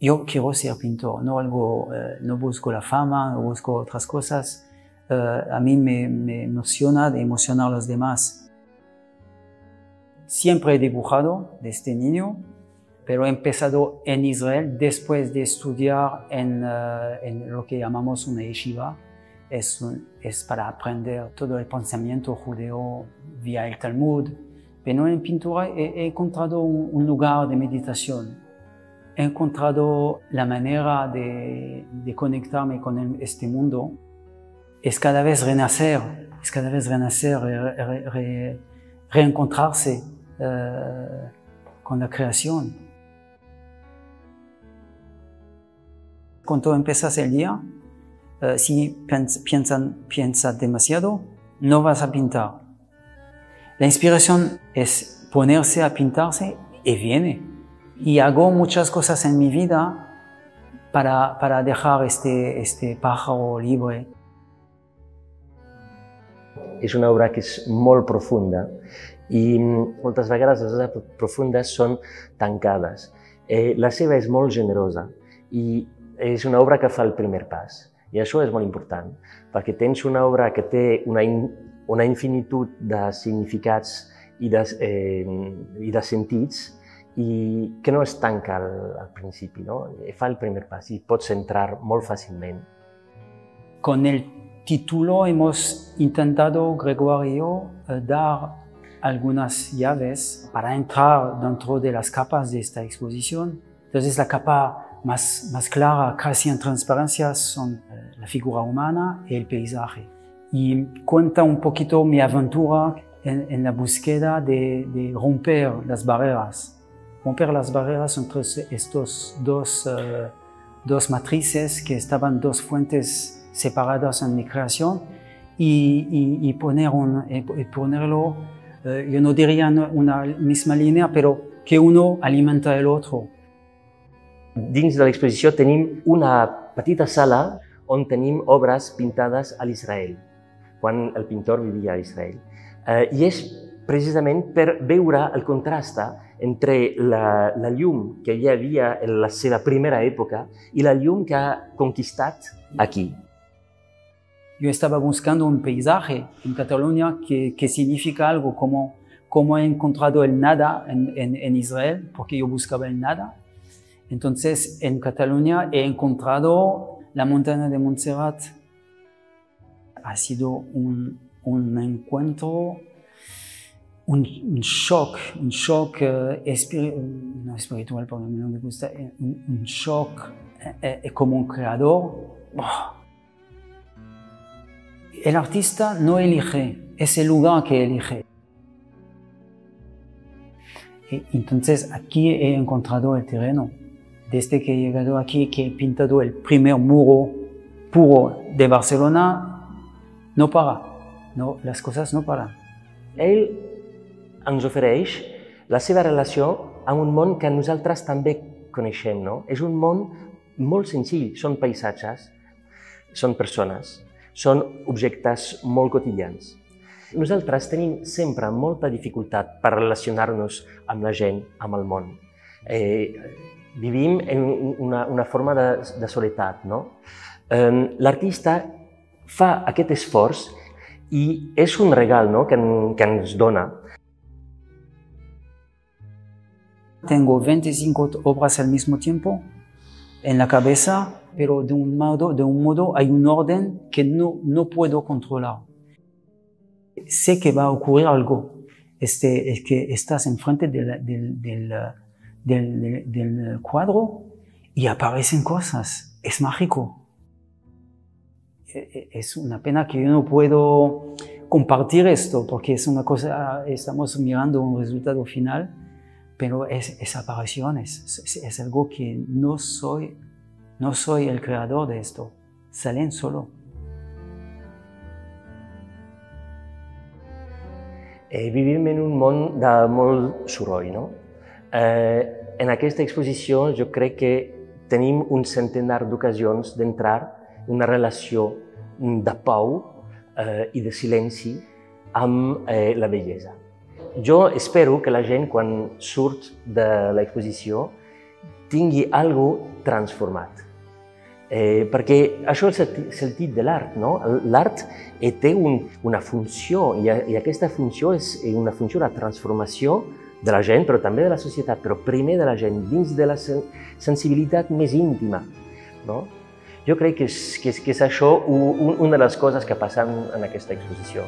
yo quiero ser pintor, no eh, no busco la fama, no busco otras cosas. Eh, a mí me, emociona de emocionar a los demás. Siempre he dibujado desde niño, pero he empezado en Israel después de estudiar en, eh, lo que llamamos una yeshiva. Es, para aprender todo el pensamiento judeo vía el Talmud. Pero en pintura he, encontrado un lugar de meditación, he encontrado la manera de, conectarme con este mundo. Es cada vez renacer, es cada vez renacer, reencontrarse eh, con la creación. Cuando empiezas el día, eh, si piensas demasiado, no vas a pintar. La inspiración es ponerse a pintarse y viene. y hago muchas cosas en mi vida para, para dejar este, este pájaro libre. És una obra que és molt profunda i moltes vegades les obres profundes són tancades. Eh, la seva és molt generosa i és una obra que fa el primer pas. I això és molt important, perquè tens una obra que té una, in, una infinitud de significats i de, eh, i de sentits, y que no estanca al, principio, principi, no? Eh, fa el primer paso y pots entrar muy fácilmente. Con el título hemos intentado, Gregorio, eh, dar algunas llaves para entrar dentro de las capas de esta exposición. Entonces la capa más, más clara, casi en transparencia, son eh, la figura humana y el paisaje. Y cuenta un poquito mi aventura en, la búsqueda de romper las barreras romper las barreras entre estas eh, dos, matrices que estaban dos fuentes separadas en mi creación y, poner un, eh, ponerlo, eh, yo no diría una misma línea, pero que uno alimenta el otro. Dins de la exposición tenemos una pequeña sala donde tenemos obras pintadas al Israel, cuando el pintor vivía a Israel. y es Precisamente per ver el contraste entre la, la que hi havia en la primera época y la llum que ha conquistado aquí. Yo estaba buscando un paisaje en Cataluña que, que significa algo como, como he encontrado el nada en, Israel, porque yo buscaba el nada. Entonces, en Cataluña he encontrado la montaña de Montserrat. Ha sido un encuentro un, shock, un shock eh, espiritual, no espiritual, porque no me gusta, eh, un, shock eh, como un creador. Oh. El artista no elige, es el lugar que elige. entonces aquí he encontrado el terreno. Desde que he llegado aquí, que he pintado el primer muro puro de Barcelona, no para, no, las cosas no paran. ens ofereix la seva relació amb un món que nosaltres també coneixem. No? És un món molt senzill, són paisatges, són persones, són objectes molt quotidians. Nosaltres tenim sempre molta dificultat per relacionar-nos amb la gent, amb el món. Eh, vivim en una, una forma de, de soledat. No? Eh, L'artista fa aquest esforç i és un regal no? que, que ens dona Tengo 25 obras al mismo tiempo en la cabeza, pero de un modo, de un modo hay un orden que no, no puedo controlar. Sé que va a ocurrir algo, este, es que estás enfrente del, del, del, del cuadro y aparecen cosas, es mágico. E, e, es una pena que yo no puedo compartir esto, porque es una cosa, estamos mirando un resultado final pero es, es apariciones, es, es, algo que no soy, no soy el creador de esto, salen solo. Eh, vivim en un món de molt soroll, no? Eh, en aquesta exposició jo crec que tenim un centenar d'ocasions d'entrar en una relació de pau eh, i de silenci amb eh, la bellesa. Jo espero que la gent, quan surt de l'exposició, tingui algo transformat. Eh, perquè això és el sentit de l'art, no? L'art eh, té un, una funció i, a, i aquesta funció és eh, una funció de transformació de la gent, però també de la societat, però primer de la gent, dins de la sen sensibilitat més íntima. No? Jo crec que és, que és, que és això un, una de les coses que passen en aquesta exposició.